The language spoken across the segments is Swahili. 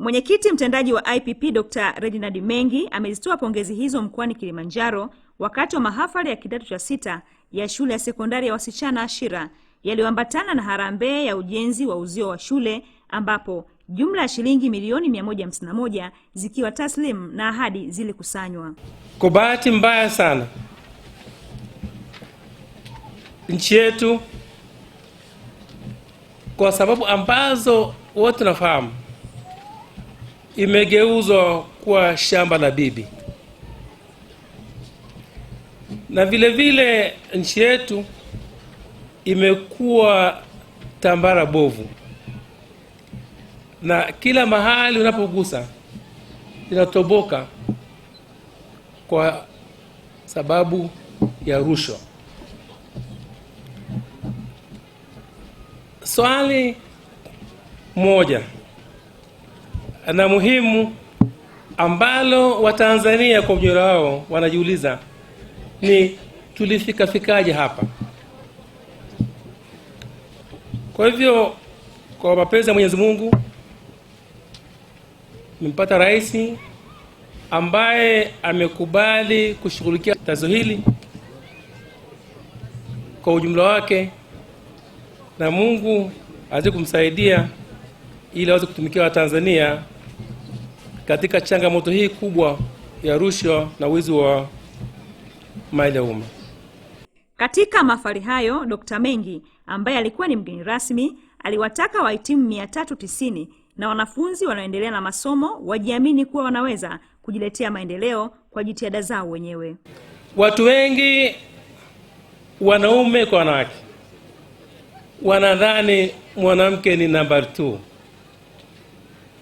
Mwenyekiti mtendaji wa IPP Dr. Reginald Mengi amezitoa pongezi hizo mkoani Kilimanjaro wakati wa mahafali ya kidato cha sita ya shule ya sekondari ya wasichana Ashira yaliyoambatana na harambee ya ujenzi wa uzio wa shule ambapo jumla ya shilingi milioni 151 zikiwa taslim na ahadi zilikusanywa. Kwa bahati mbaya sana, nchi yetu kwa sababu ambazo wote tunafahamu imegeuzwa kuwa shamba la bibi, na vile vile nchi yetu imekuwa tambara bovu, na kila mahali unapogusa inatoboka kwa sababu ya rushwa. Swali moja na muhimu ambalo Watanzania kwa ujira wao wanajiuliza ni tulifika fikaje hapa. Kwa hivyo, kwa mapenzi ya Mwenyezi Mungu nimepata rais ambaye amekubali kushughulikia tatizo hili kwa ujumla wake, na Mungu azidi kumsaidia ili waweze kutumikia Watanzania katika changamoto hii kubwa ya rushwa na wizi wa mali ya umma. Katika mahafali hayo, Dkt. Mengi ambaye alikuwa ni mgeni rasmi aliwataka wahitimu 390 na wanafunzi wanaoendelea na masomo wajiamini kuwa wanaweza kujiletea maendeleo kwa jitihada zao wenyewe. Watu wengi wanaume kwa wanawake wanadhani mwanamke ni namba 2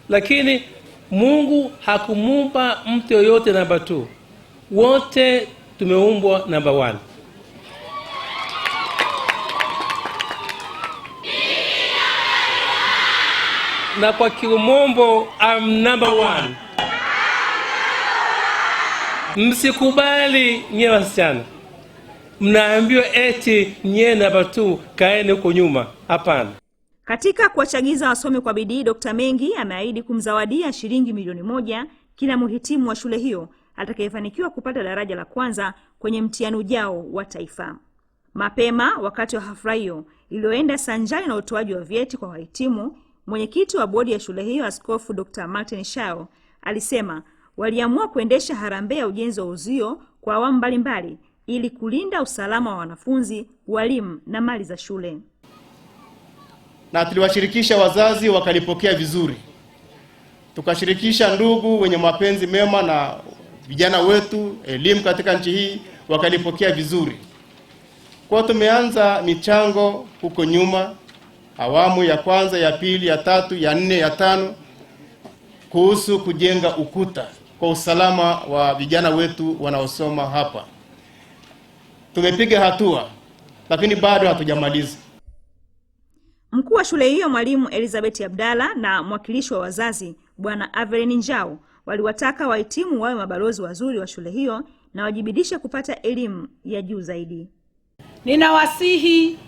lakini Mungu hakumumba mtu yoyote namba two, wote tumeumbwa namba na kwa kiumombo I'm number one. Msikubali nyewe wasichana mnaambiwa eti nyee namba 2 kaeni huko nyuma. Hapana. Katika kuwachagiza wasome kwa bidii, d Mengi ameahidi kumzawadia shilingi milioni moja kila mhitimu wa shule hiyo atakayefanikiwa kupata daraja la kwanza kwenye mtihani ujao wa taifa. Mapema wakati wa hafla hiyo iliyoenda sanjari na utoaji wa vyeti kwa wahitimu, mwenyekiti wa bodi ya shule hiyo Askofu Dr. Martin Shao alisema waliamua kuendesha harambee ya ujenzi wa uzio kwa awamu mbalimbali ili kulinda usalama wa wanafunzi, walimu na mali za shule na tuliwashirikisha wazazi wakalipokea vizuri, tukashirikisha ndugu wenye mapenzi mema na vijana wetu elimu katika nchi hii wakalipokea vizuri. Kwa tumeanza michango huko nyuma, awamu ya kwanza, ya pili, ya tatu, ya nne, ya tano, kuhusu kujenga ukuta kwa usalama wa vijana wetu wanaosoma hapa. Tumepiga hatua, lakini bado hatujamaliza. Mkuu wa shule hiyo Mwalimu Elizabeth Abdalla na mwakilishi wa wazazi Bwana Avelin Njau waliwataka wahitimu wawe mabalozi wazuri wa shule hiyo na wajibidishe kupata elimu ya juu zaidi. Ninawasihi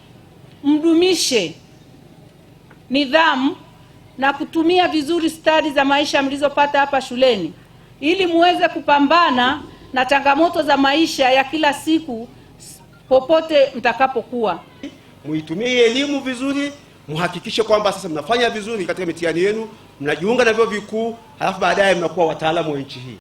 mdumishe nidhamu na kutumia vizuri stadi za maisha mlizopata hapa shuleni ili muweze kupambana na changamoto za maisha ya kila siku popote mtakapokuwa. Muitumie elimu vizuri mhakikishe kwamba sasa mnafanya vizuri katika mitihani yenu, mnajiunga na vyuo vikuu, halafu baadaye mnakuwa wataalamu wa nchi hii.